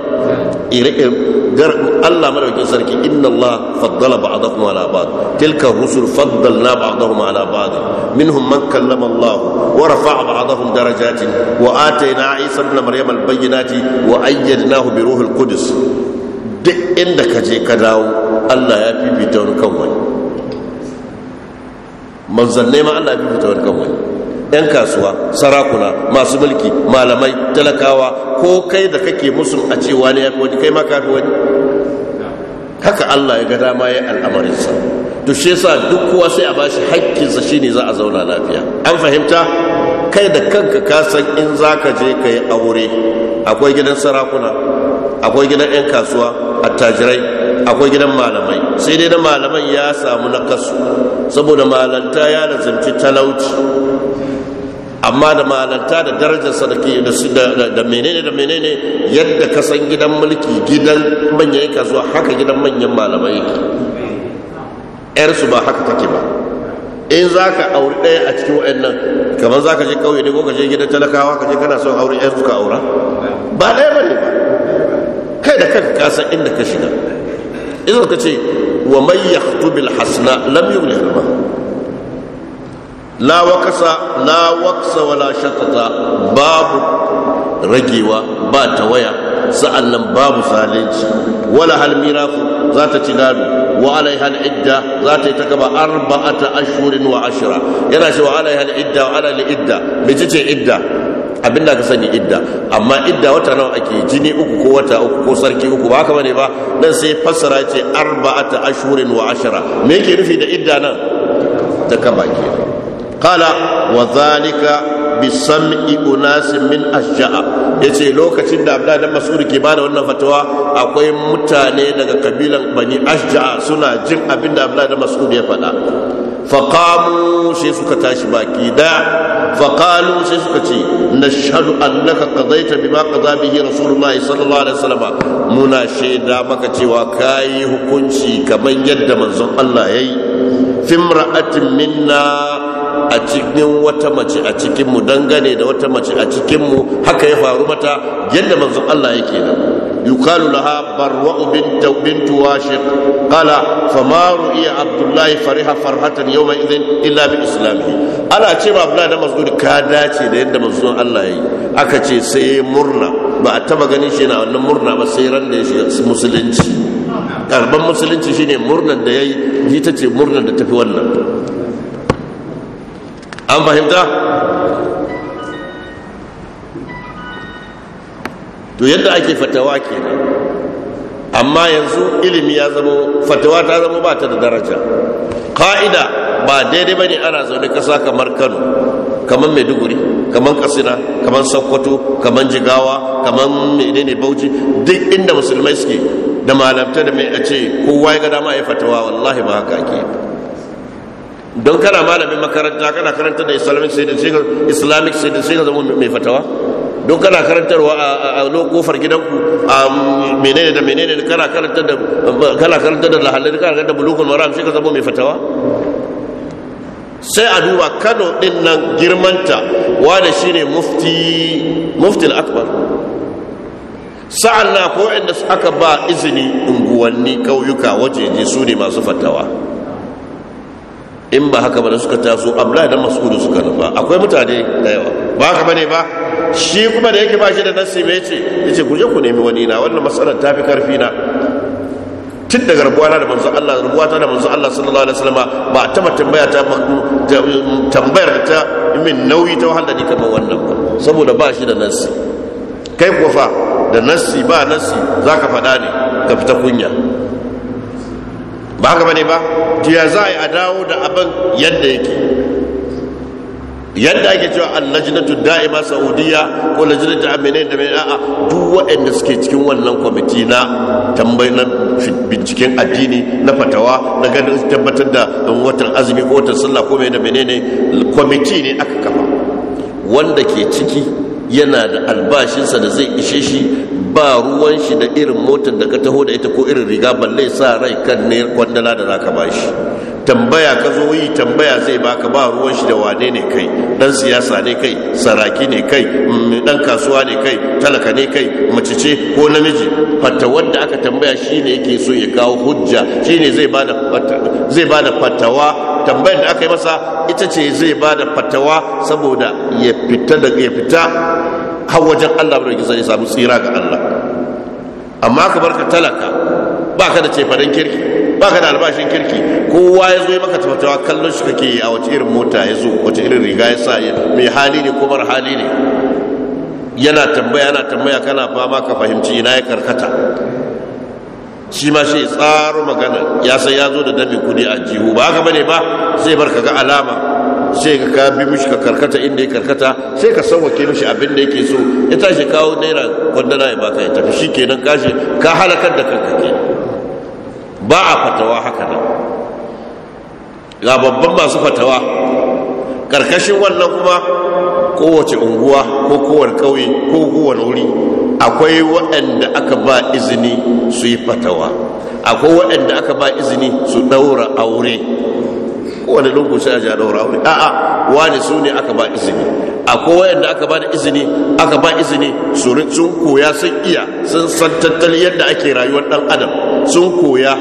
Speaker 1: ire-iren Allah madaukin sarki inna Allah faddala ba'dakum ala ba'd tilka rusul faddalna ba'dahum ala ba'd minhum man kallama Allah wa rafa'a ba'dahum darajatin wa atayna Isa ibn Maryam al-bayyinati wa ayyadnahu bi ruhil qudus duk inda ka je ka dawo Allah ya fifita wani kan wani manzanne ma Allah ya fifita wani kan wani 'yan kasuwa sarakuna masu mulki malamai talakawa ko kai da kake musu a cewa ne ya fi wani kai ma ka fi wani haka Allah ya ga dama ya al'amarinsa to shi yasa duk kowa sai a bashi haƙƙinsa shine za a zauna lafiya an fahimta kai da kanka ka san in za ka je ka yi aure akwai gidan sarakuna akwai gidan 'yan kasuwa attajirai akwai gidan malamai sai dai na malaman ya samu na kasu saboda malanta ya lazimci talauci amma da malanta da darajar da da menene da menene yadda ka san gidan mulki gidan manyan kasuwa haka gidan manyan malamai yake su ba haka take ba in za ka auri ɗaya a cikin wa'annan kamar za ka je kauye ne ko ka je gidan talakawa ka je kana son auri aure su ka aura ba ɗaya ba ne ba kai da kanka ka san inda ka shiga idan ka ce wa mai yaktubil hasna lam yughlil ba la waqasa la waqsa wala shatata babu ragewa ba tawaya sa'annan babu salinci wala hal mirafu za ta ci gado وعليها العدة ذات تكبى أربعة أشهر وعشرة يلا شو عليها العدة وعلى العدة بتجي عدة abin da ka sani idda amma idda wata nawa ake jini uku ko wata uku ko sarki uku ba haka bane ba nan sai fassara ce arba'ata ashhurin wa ashara me yake nufi da idda nan da ka baki قال وذلك بسمع أناس من أشجاع yace lokacin da Abdullahi dan Mas'ud ke bada wannan fatawa akwai mutane daga kabilan Bani Ashja'a suna jin abin da Abdullahi dan Mas'ud ya faɗa faqamu sai suka tashi baki da faqalu sai suka ce nashhadu annaka qadaita bima qada bihi Rasulullahi sallallahu alaihi wasallam muna shaida maka cewa kai hukunci kamar yadda manzon Allah yayi fimra'atin minna a cikin wata mace a cikinmu dangane da wata mace a cikinmu haka ya faru mata yadda manzon Allah yake nan yukalu laha barwa'u bint bint washiq qala ma ru'iya abdullahi fariha farhatan yawma idhin illa bi islamihi ana ce ba abdullahi da masdud ka dace da yadda manzon Allah yayi aka ce sai murna ba a taba ganin shi yana wannan murna ba sai ran da ya musulunci karban musulunci shine murnan da yayi ita ce murnan da tafi wannan an fahimta to yadda ake fatawa ke amma yanzu ilimi ya zama fatawa ta zama ba ta da daraja ka'ida ba daidai ba ne ana zaune kasa kamar kano kamar maiduguri kamar katsina kamar sokoto kamar jigawa kamar menene bauchi duk inda musulmai suke da malamta da mai a ce kowa ya ga dama ya fatawa wallahi ba haka ake yi don kana malamin makaranta kana karanta da islamic studies sai islamic studies sai ka zama mai fatawa don kana karantarwa a kofar gidanku a menene da menene kana karantar da kana karantar da lahalin kana karantar da bulukul maram sai ka zama mai fatawa sai a duba kano din nan girmanta wanda shine mufti mufti akbar sa'an na ko inda aka ba izini unguwanni kauyuka wajeje su ne masu fatawa in ba haka ba da suka taso amla da mas'udu suka nufa akwai mutane da yawa ba haka bane ba shi kuma da yake ba shi da nasi mai ce yace ku je ku nemi wani na wannan masalan ta fi karfi na tun da na da manzo Allah ta da manzo Allah sallallahu alaihi wasallam ba ba tambaya ta tambayar ta min nauyi ta wahala ni kamar wannan ba saboda ba shi da nasi kai kuwa fa da nasi ba nasi zaka faɗa ne ka fita kunya ba haka bane ba ya za a dawo da abin yadda yake yadda ake cewa allajinatu da'ima saudiya ko lajinatu amine da mai a'a duk waɗanda suke cikin wannan kwamiti na tambayi na binciken addini na fatawa na ganin tabbatar da watan azumi ko watan sallah ko mai da menene kwamiti ne aka kafa wanda ke ciki yana da albashinsa da zai ishe shi ba ruwan shi da irin motar da ka taho da ita ko irin riga balle sa rai kan ne kwandala da zaka bashi tambaya ka zo yi tambaya zai baka ba ruwan shi da wane ne kai dan siyasa ne kai saraki ne kai mm, dan kasuwa ne kai talaka ne kai mace ce ko namiji fatta wanda aka tambaya shi ne yake so ya kawo hujja shi ne zai bada zai bada fatawa tambayar da aka yi masa ita ce zai bada da fatawa saboda ya fita daga ya fita har wajen Allah bai ya samu tsira ga Allah amma ka bar ka talaka ba ka da cefanen kirki ba ka da albashin kirki kowa ya zo ya maka tafatawa kallon shi kake a wace irin mota ya zo wace irin riga ya sa mai hali ne ko mara hali ne yana tambaya yana tambaya kana fama ka fahimci ina ya karkata shi ma shi tsaro magana ya san ya zo da dami kudi a jihu ba haka bane ba sai ka ga alama sai ka ka bi mishi ka karkata inda ya karkata sai ka sauwake mishi abin da yake so ya tashi kawo naira kwandana ya baka ya tafi shi kenan kashi ka halakar da kanka ke ba a fatawa haka nan ga babban masu fatawa karkashin wannan kuma kowace unguwa ko kowar ƙauye ko kowane wuri akwai waɗanda aka ba izini su yi fatawa akwai waɗanda aka ba izini su ɗaura aure kowane lungu sai a ja daura aure a'a wani su ne aka ba izini A akwai yadda aka ba da izini aka ba izini sun koya sun iya sun san tattali yadda ake rayuwar dan adam sun koya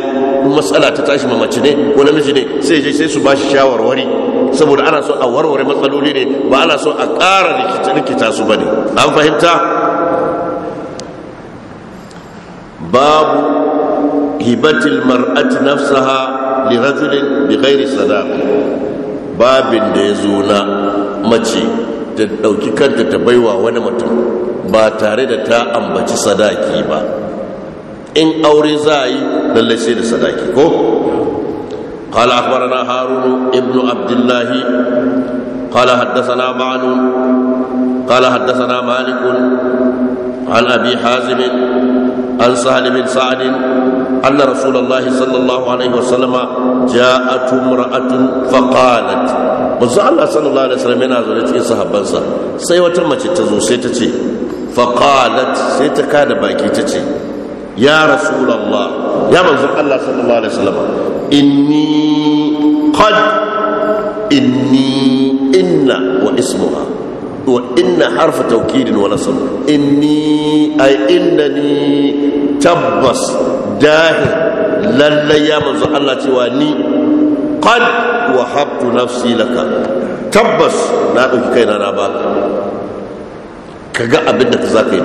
Speaker 1: matsala ta tashi mamaci ne ko namiji ne sai je sai su ba shi shawarwari saboda ana so a warware matsaloli ne ba ana so a ƙara rikita su ba ne an fahimta babu hibatil mar'ati nafsaha lirajulin bi ghairi sadaq babin da ya zo na mace da dauki kanta ta baiwa wani mutum ba tare da ta ambaci sadaki ba in aure za a yi lalle sai da sadaki ko قال أخبرنا هارون ابن عبد الله قال حدثنا معن قال حدثنا مالك عن أبي حازم عن سهل بن سعد أن رسول الله صلى الله عليه وسلم جاءت امرأة فقالت manzo Allah sallallahu alaihi wasallam yana zaune cikin sahabbansa sai wata mace ta zo sai ta ce faqalat sai ta kada baki ta ce ya rasulullah ya manzo Allah sallallahu alaihi wasallam inni inni inna wa ismuha wa inna harfa taukidin wa nasr inni ay innani tabbas dahi lalle ya manzo Allah cewa ni qad wa habtu nafsi laka tabbas na dauki kaina na ba kaga abinda ka zaka yi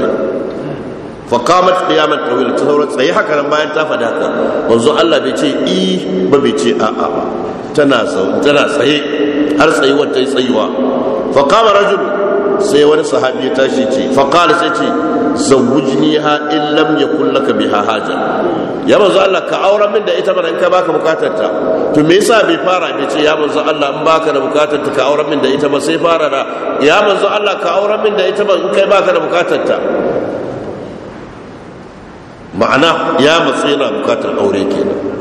Speaker 1: fa qamat qiyamat tawila ta saurata sai haka nan bayan ta fada haka manzo Allah bai ce i ba bai ce a a tana tana tsaye har tsayuwar ta tsayuwa fa qama rajulu sai wani sahabi ya tashi ce faqala sai ce ha in lam yakul laka biha haja ya manzo Allah ka auren min da ita mana in ka baka bukatar ta to me yasa bai fara bai ce ya manzo Allah in baka da bukatar ta ka auren min da ita ba sai fara da ya manzo Allah ka auren min da ita ba in kai baka da bukatar ta ma'ana ya matsayi na bukatar aure kenan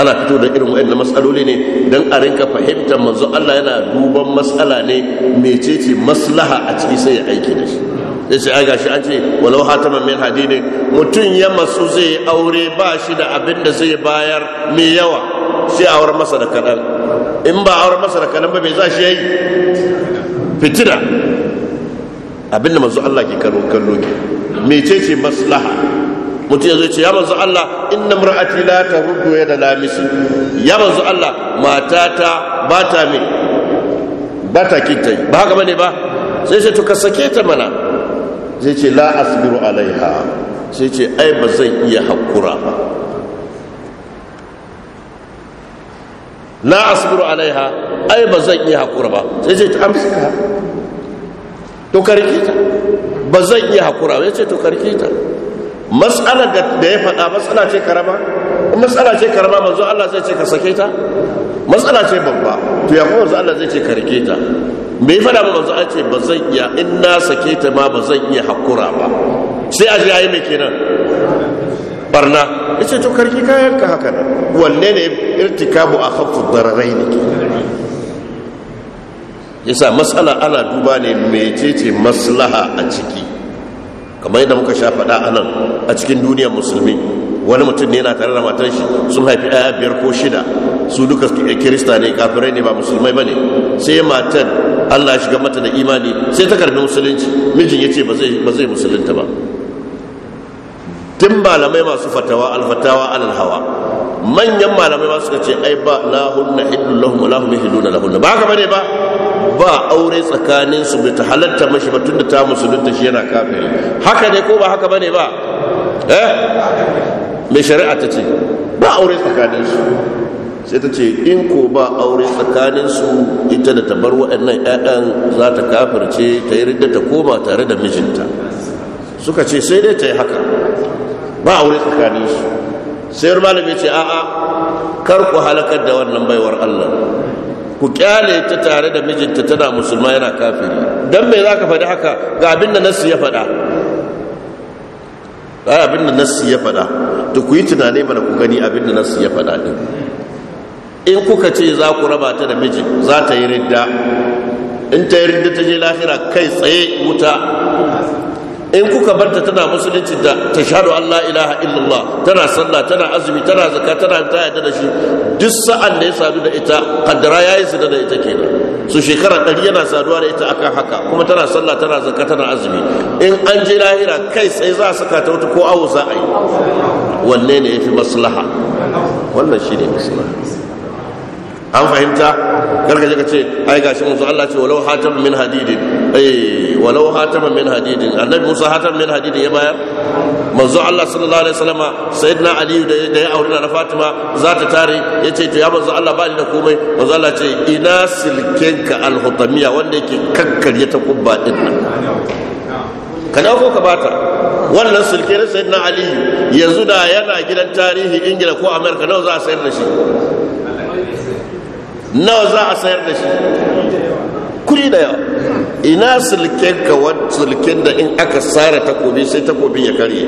Speaker 1: ana fito da irin wa'annan matsaloli ne don a rinka fahimtar manzo Allah yana duban matsala ne mecece maslaha a ciki sai ya aiki da shi ya ce ai gashi an ce walau hataman min ne, mutum ya masu zai aure ba shi da abin da zai bayar mai yawa sai aure masa da kaɗan in ba aure masa da kaɗan ba mai za shi ya yi fitina abin da manzo Allah ke kallo kallo ke mecece maslaha mutum ya zo ce ya manzo Allah inna mar'ati la taruddu yada lamisi ya manzo Allah matata bata ta min ba ta kinta ba haka bane ba sai ce to ka sake ta mana sai ce la asbiru alaiha sai ce ai ba zan iya hakura ba la asbiru alaiha ai ba zan iya hakura ba sai ce ta amsika to karki ta ba zan iya hakura ba sai ce to karki ta matsala da ya faɗa matsala ce karama matsala ce karama manzo Allah zai ce ka sake ta matsala ce babba to ya kuma manzo Allah zai ce ka rike ta me ya faɗa ba manzo Allah ce ba zan iya in na sake ta ma ba zan iya hakura ba sai a ji ayi me kenan barna yace to karki kayan ka haka nan wanne ne irtikabu akhaffu dararai ne yasa matsala ana duba ne mecece maslaha a ciki kamar yadda muka sha faɗa a nan a cikin duniyar musulmi wani mutum ne yana tare da matar shi sun haifi ɗaya biyar ko shida su duka kirista ne kafirai ne ba musulmai ba ne sai matar allah ya shiga mata da imani sai ta karbi musulunci mijin ya ce ba zai musulunta ba tun malamai masu fatawa alfatawa alal hawa manyan malamai masu ce ai ba lahunna hillun lahum lahum na lahunna ba haka ne ba ba aure tsakanin su bai ta halatta mashi ba tunda ta musulunta shi yana kafiri haka ne ko ba haka bane ba eh mai shari'a ta ce ba aure tsakanin su sai ta ce in ko ba aure tsakaninsu ita da tabar waɗannan 'ya'yan za ta kafirce ta yi ridda ta koma tare da mijinta suka ce sai dai ta yi haka ba aure tsakaninsu sai malami ce a'a kar ku halakar da wannan baiwar allah ku kyale ta tare da mijinta tana musulma yana kafiri dan me zaka faɗi haka ga abin da nasu ya faɗa ga abin da nasu ya faɗa to ku yi tunani mana ku gani abin da nasu ya faɗa din in kuka ce za ku raba ta da mijin za ta yi ridda in ta yi ridda ta je lahira kai tsaye wuta in kuka barta tana musulunci da ta shaɗu Allah ilaha illallah tana sallah tana azumi tana zaka tana ta yadda da shi duk sa'an da ya sadu da ita kaddara ya yi su da ita kenan su shekara ɗari yana saduwa da ita akan haka kuma tana sallah tana zaka tana azumi in an je lahira kai sai za a saka ta wata ko awo za a yi wanne ne ya fi maslaha wannan shi ne maslaha an fahimta karka je ka ce ai gashi mun Allah ce walau hatam min hadidin eh walau hatam min hadidin annabi Musa hatam min hadidin ya bayar manzo Allah sallallahu alaihi wasallama sayyidina Ali da ya aure na Fatima za ta tare yace to ya manzo Allah ba ni da komai manzo Allah ce ina silkenka al-hutamiya wanda yake kakkarye ta kubba din nan ka dauko ka bata wannan silke na sayyidina Ali yanzu da yana gidan tarihi Ingila ko America nawa za a sayar da shi nawa za a sayar da shi kuri da yawa ina silken ka silken da in aka sare takobi sai takobin ya karye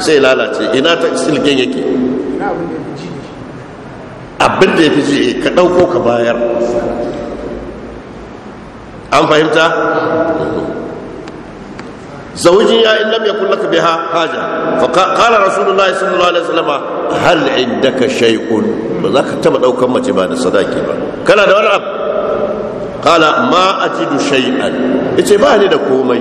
Speaker 1: sai lalace ina ta silken yake abin da ya fi ji ka ɗauko ka bayar an fahimta zawujiya in lam yakun laka biha haja fa qala rasulullahi sallallahu alaihi wasallam hal indaka shay'un ba zaka taba daukan mace ba da sadaki ba kana da wani abu qala ma ajidu shay'an ice ba ni da komai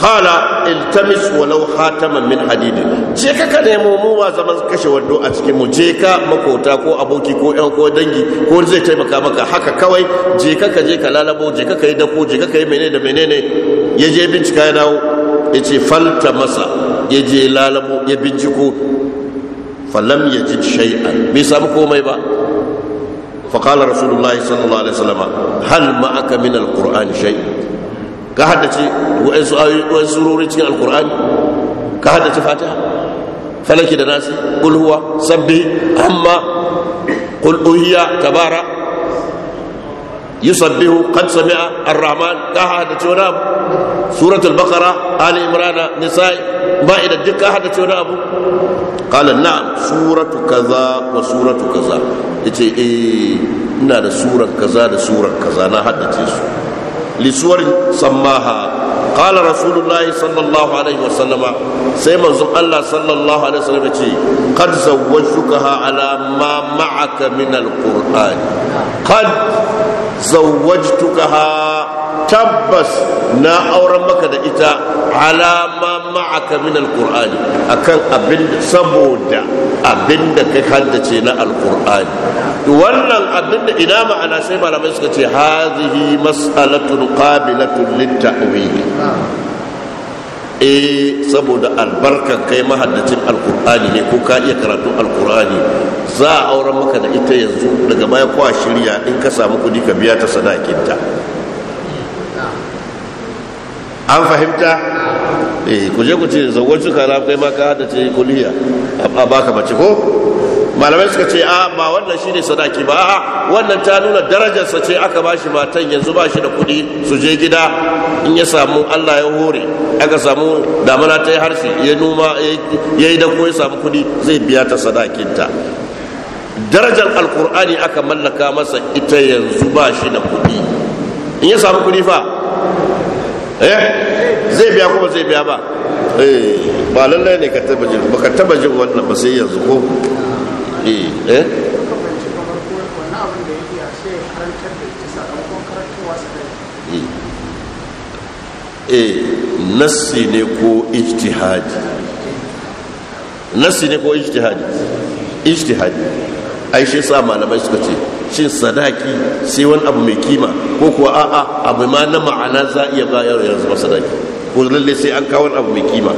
Speaker 1: qala iltamis walau hataman min hadid je ka nemo mu wa zaman kashe wando a cikin mu je makota ko aboki ko ɗan ko dangi ko zai taimaka maka haka kawai je ka ka je ka lalabo je ka yi dako je ka yi menene ya je bincika ya dawo ya ce falta masa ya je lalamo ya binciko falam ya ji shay'an bai samu komai ba faƙala rasulullahi sallallahu alaihi wasallama hal ma aka min alƙur'ani shay ka haddace wa'ansu wa'ansu surori cikin alƙur'ani ka haddace fatiha falaki da nasi qul huwa sabbi amma qul uhiya tabara yusabbihu qad sami'a ar-rahman ka haddace wani abu suratul bakara ali imrana nisa'i ma'ida duk ka hada ce wani abu qala na'am suratu kaza wa suratu kaza yace eh ina da surar kaza da surar kaza na haddace su li suwarin sammaha قال رسول الله صلى الله عليه وسلم سيما زم الله صلى الله عليه وسلم قد زوجتكها على ما معك من القرآن قد زوجتكها tabbas na auren maka da ita alama ma'aka min alqur'ani akan abin saboda abin da kai haddace na alqur'ani wannan abin da ina ma'ana sai malamai suka ce hazihi mas'alatun qabilatun lit-ta'wil eh saboda albarkan kai mahaddacin alkur'ani ne ko ka iya karatun alkur'ani za a auren maka da ita yanzu daga baya kwa shirya in ka samu kudi ka biya ta sadakinta an fahimta eh ku ku ce zawwaju kana kai ma ka hada ce kulliya a baka mace ko malamai suka ce a ba wannan shine sadaki ba a wannan ta nuna darajarsa ce aka bashi matan yanzu ba shi da kuɗi su je gida in ya samu Allah ya hore aka samu damana ta yi harshe ya numa ya yi dako ya samu kuɗi zai biya ta sadakinta darajar alkur'ani aka mallaka masa ita yanzu ba shi da kuɗi in ya samu kuɗi fa eh zai biya kuma zai biya ba eh ba lallai ne ka taba jin baka taba jin wannan ba sai yanzu ko eh eh eh nassi ne ko ijtihadi nassi ne ko ijtihadi ijtihadi ai shi sa malamai suka ce cin sadaki sai wani abu mai kima ko kuwa a'a abu ma na ma'ana za iya bayar yanzu ba sadaki ko lalle sai an kawo abu mai kima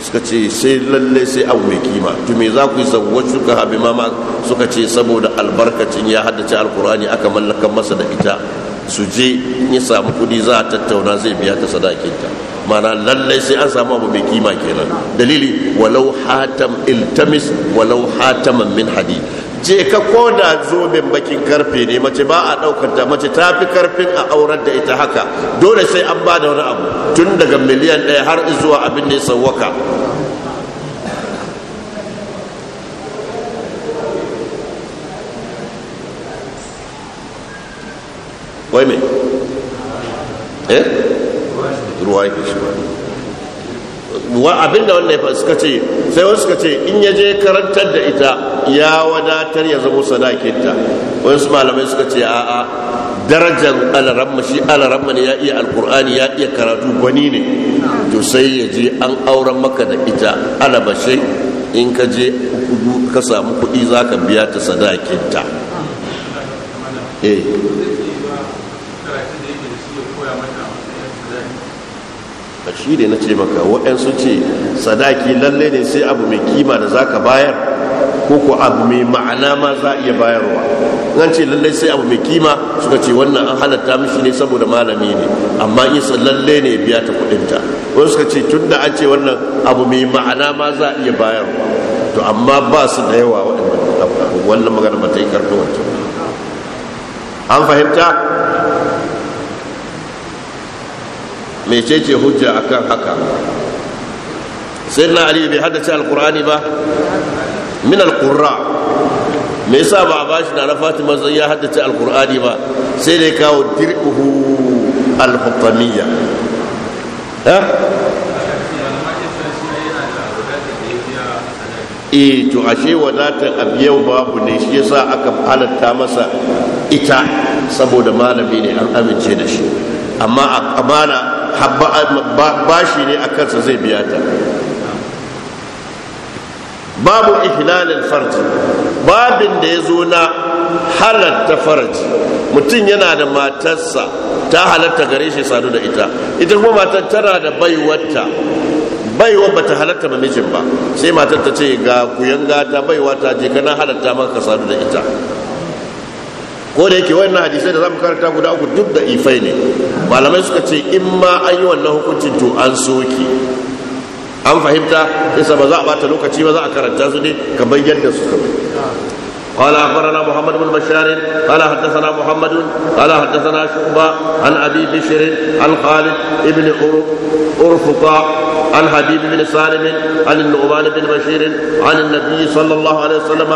Speaker 1: suka ce sai lalle sai abu mai kima to me za ku yi sabuwar suka habi mama suka ce saboda albarkacin ya haddace alkurani aka mallakan masa da ita su je in ya samu kudi za a tattauna zai biya ta sadakinta mana lallai sai an samu abu mai kima kenan dalili walau hatam iltamis walau hataman min hadid je ka koda zoben bakin karfe ne mace ba a daukar ta mace ta fi karfin a aurar da ita haka dole sai an bada wani abu tun daga miliyan ɗaya har zuwa abin da ya sauwaka wai mai eh ruwa yake shi abinda wannan ya suka ce sai wasu suka ce in ya je karantar da ita ya wadatar ya zama sadakinta wasu malamai suka ce a'a darajar alaramma shi alaramma ne ya iya alkur'ani ya iya karatu gwani ne to sai ya je an auren maka da ita alabashe in ka je kudu ka samu kuɗi za ka biya ta sadakinta eh a shi ne na ce maka waɗansu ce sadaki lalle ne sai abu mai kima da za ka bayar ko ko abu mai ma'ana ma za iya bayarwa nan ce lalle sai abu mai kima suka ce wannan an halatta mishi ne saboda malami ne amma isa lalle ne biya ta kudinta wani suka ce tun da an ce wannan abu mai ma'ana ma za a iya bayarwa to amma ba su da yawa waɗannan wannan magana ba ta yi karfi wancan an fahimta mecece hujja akan haka sayyidina ali bai haddace alkur'ani ba min alqurra me yasa ba a bashi na fatima zai ya haddace alkur'ani ba sai dai kawo dir'uhu alhutamiyya ha e to ashe wadatar abiyau babu ne shi yasa aka halatta masa ita saboda malami ne an amince da shi amma a amana bashi ne a kansa zai biya ta babu ihlalin farji babin da ya zo na halatta farji mutum yana da matarsa ta halatta gare shi sadu da ita ita kuma matar tana da baiwarta baiwa ba ta halatta ba mijin ba sai matar ta ce ga kuyan gata baiwa ta je kana halatta maka sadu da ita ko da yake wannan hadisai da zamu karanta guda uku duk da ifai ne malamai suka ce in ma an yi wannan hukuncin to an soki an fahimta sai ba za a bata lokaci ba za a karanta su ne kamar yadda suka bai قال اخبرنا محمد بن بشار قال حدثنا محمد قال حدثنا شعبة عن ابي بشر عن خالد بن ارفقا عن حبيب بن سالم عن النعمان بن بشير عن النبي صلى الله عليه وسلم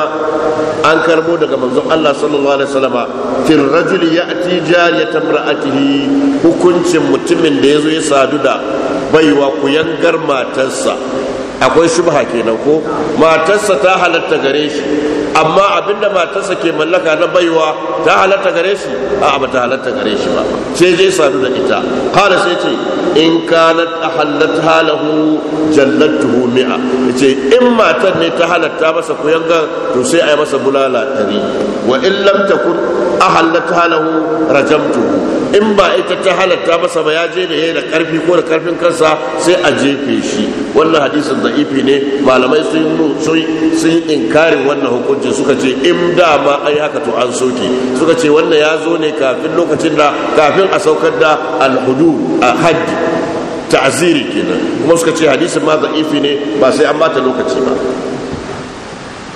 Speaker 1: عن كربو منزوم الله صلى الله عليه وسلم في الرجل ياتي جارية امرأته hukunci mutumin da ya zo ya sadu da baiwa ku yangar matarsa akwai shubha kenan ko matarsa ta halatta gare shi amma abinda matarsa ke mallaka na baiwa ta halatta gare shi a ba ta halatta gare shi ba sai zai sadu da ita kala sai ce in a ahallat halahu jallatuhu mi'a yace in matar ne ta halatta masa kuyangan to sai a masa bulala ɗari wa in lam takun ahallat halahu rajamtu. in ba ita ta halatta masa ba ya je da yayi da karfi ko da karfin kansa sai a jefe shi wannan hadisin za'ifi ne malamai sun sun inkarin wannan hukuncin suka ce in da ma ai haka to an soke suka ce wannan ya zo ne kafin lokacin da kafin a saukar da alhudu a hajji ta'ziri kenan kuma suka ce hadisin ma za'ifi ne ba sai an bata lokaci ba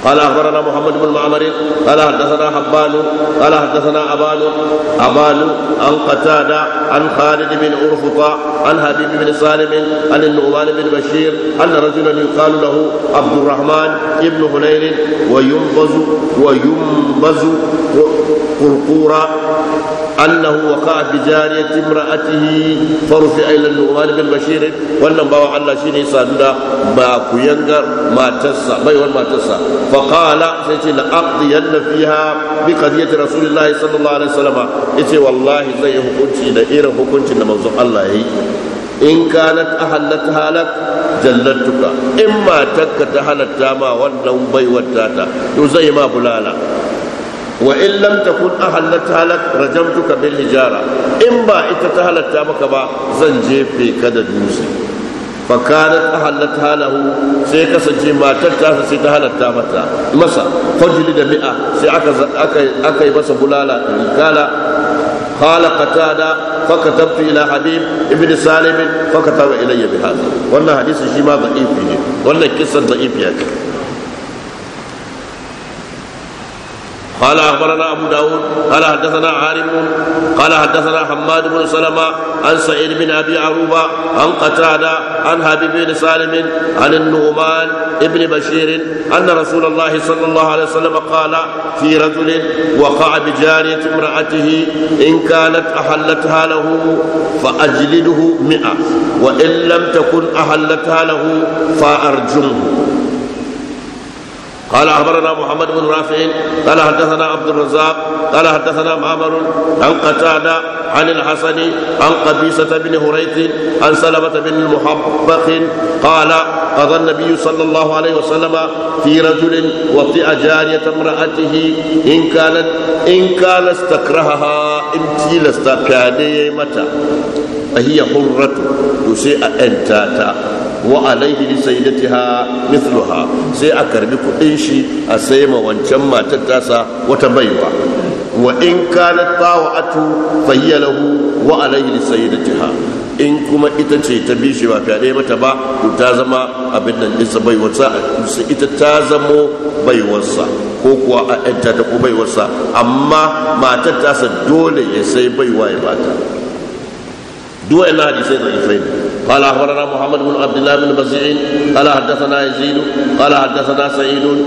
Speaker 1: قال اخبرنا محمد بن معمر قال حدثنا حبان قال حدثنا ابان ابان عن قتاده عن خالد بن ارفقه عن حبيب بن سالم عن النعمان بن بشير ان رجلا يقال له عبد الرحمن بن هنين وينبز وينبز قرقورا أنه وقع بجارية امرأته فرفع إلى النعمان بن بشير ولم باوع الله شيني صندا ما كينغر ما تسع بيون ما تسع فقال سيتي لأقضين فيها بقضية رسول الله صلى الله عليه وسلم إتي والله زي حكمتي لإير حكمتي لمنزو الله in kanat ahallat halak jallatuka in matarka ta halatta ma wannan baiwar tata to zai ma bulala wa in lam takun ahallatta lak rajamtuka bil hijara in ba ita ta halatta maka ba zan jefe ka da dutse fa kanat ahallatta lahu sai kasance matar ta sai ta halatta mata masa fajli da mi'a sai aka aka aka yi masa bulala kala قال قتادة فكتبت إلى حبيب ابن سالم wannan إلي بهذا وأن حديث الشيما wannan وأن قصة ضعيف يعني قال اخبرنا ابو داود قال حدثنا عارم قال حدثنا حماد بن سلمة عن سعيد بن ابي عروبه عن قتاده عن حبيب بن سالم عن النعمان بن بشير ان رسول الله صلى الله عليه وسلم قال في رجل وقع بجاريه امراته ان كانت احلتها له فاجلده مئة وان لم تكن احلتها له فارجمه قال اخبرنا محمد بن رافع قال حدثنا عبد الرزاق قال حدثنا معمر عن قتاده عن الحسن عن قبيسه بن هريث عن سلمه بن المحبق قال قضى النبي صلى الله عليه وسلم في رجل وطئ جاريه امراته ان كانت ان كان استكرهها ان تيلست متى فهي حره يسيء انتاتا wa alaihi li sayyidatiha mithluha sai a karbi kudin shi a sai ma wancan matar tasa wata baiwa wa in kanat tawatu fahiya lahu wa alaihi li sayyidatiha in kuma ita ce ta bi shi ba fyaɗe mata ba to ta zama abin nan ɗinsa baiwarsa ita ta zamo baiwarsa ko kuwa a ‘yanta ta ko baiwarsa amma matar tasa dole ya sai baiwa ya bata duwa ina hadisai da ifai ne قال اخبرنا محمد بن عبد الله بن بزيع قال حدثنا يزيد قال حدثنا سعيد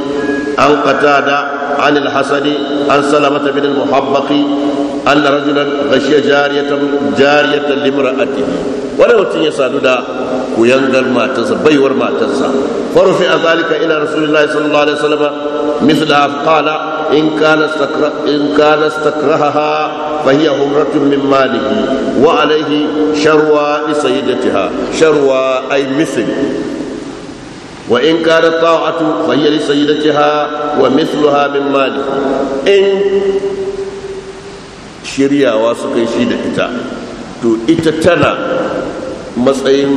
Speaker 1: عن قتاده عن الحسن عن سلمه بن المحبق ان رجلا غشي جاريه جاريه لامراته wani mutum ya sadu da kuyangar matarsa baiwar matarsa farufi a zalika ila rasulullahi sallallahu alaihi wasallam فهي حمرة من ماله وعليه شروى لسيدتها شروى أي مثل وإن كانت طاعة فهي لسيدتها ومثلها من ماله إن ita to ita tana matsayin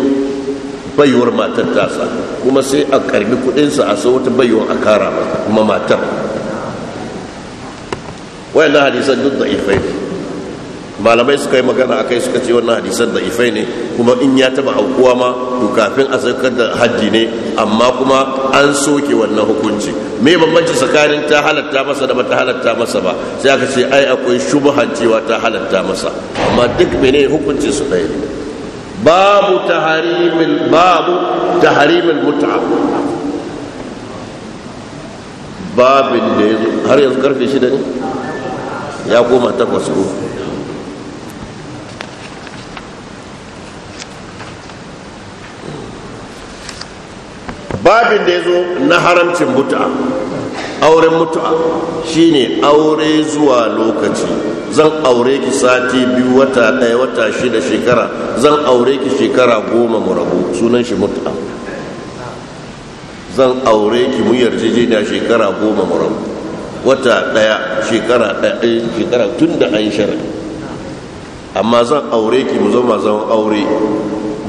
Speaker 1: baiwar matar tasa kuma sai a karbi kudinsa a sau wata baiwar a kara kuma matar hadisan duk da ifai malamai suka yi magana a kai suka ce wannan hadisan da ifai ne kuma in ya taba aukuwa ma to kafin a saukar da haddi ne amma kuma an soke wannan hukunci me bambanci tsakanin ta halatta masa da bata halatta masa ba sai aka ce ai akwai shubuhan cewa ta halatta masa amma duk mene hukuncin su ɗaya ne babu taharimin babu taharimin mut'a babin da har yanzu karfe shida ne ya koma takwas ko babin da ya zo na haramcin mutu'a auren mutu'a shine aure zuwa lokaci zan aure ki sati biyu wata ɗaya wata shida shekara zan aure ki shekara goma mu rabu sunan shi mutu'a zan aure ki mu yarjejeniya shekara goma mu rabu wata ɗaya shekara ɗaya eh, shekara tun da an shari'a amma zan aure ki mu zama zan aure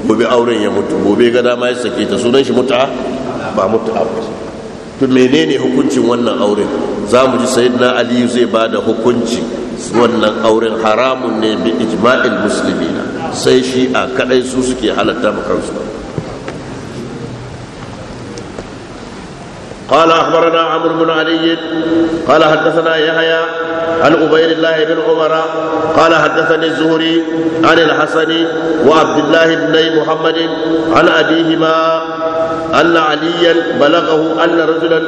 Speaker 1: gobe auren ya mutu gobe ga dama ya sake ta sunan shi mutu'a samu ta'awuz to menene hukuncin wannan auren za mu ji sayyidina aliyu zai ba da hukunci wannan auren haramun ne bi ijma'il muslimina sai shi a kadai su suke halatta mu kansu قال اخبرنا عمرو بن علي قال حدثنا يحيى عن عبيد الله بن عمر قال حدثني الزهري عن الحسن وعبد الله بن محمد عن ابيهما ان عليا بلغه ان رجلا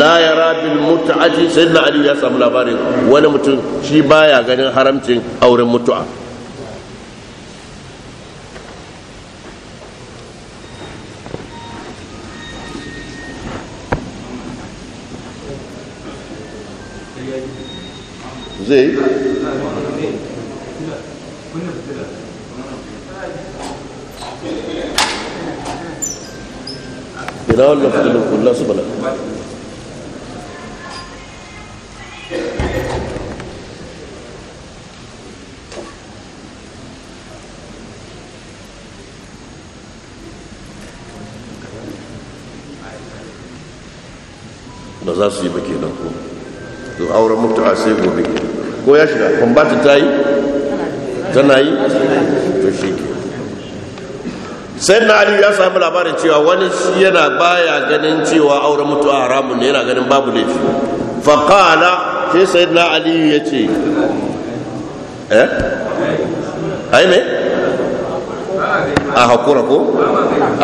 Speaker 1: la yara bil mut'ati sayyidina ali ya samu labarin wani mutum shi baya ganin haramcin auren mutu'a زي بلا ولا فضل الله سبحانه بزاسي بكينا تو اورا مبتعسي بكينا ko ya shiga kumbata ta yi tana yi to shi ke sai na aliyu ya sami labarin cewa wani shi yana baya ganin cewa auren mutuwa haramun ne yana ganin babu laifi faƙala sai sai na aliyu ya ce eh ai ne a haƙura ko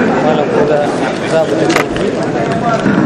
Speaker 1: Hala burada zabıta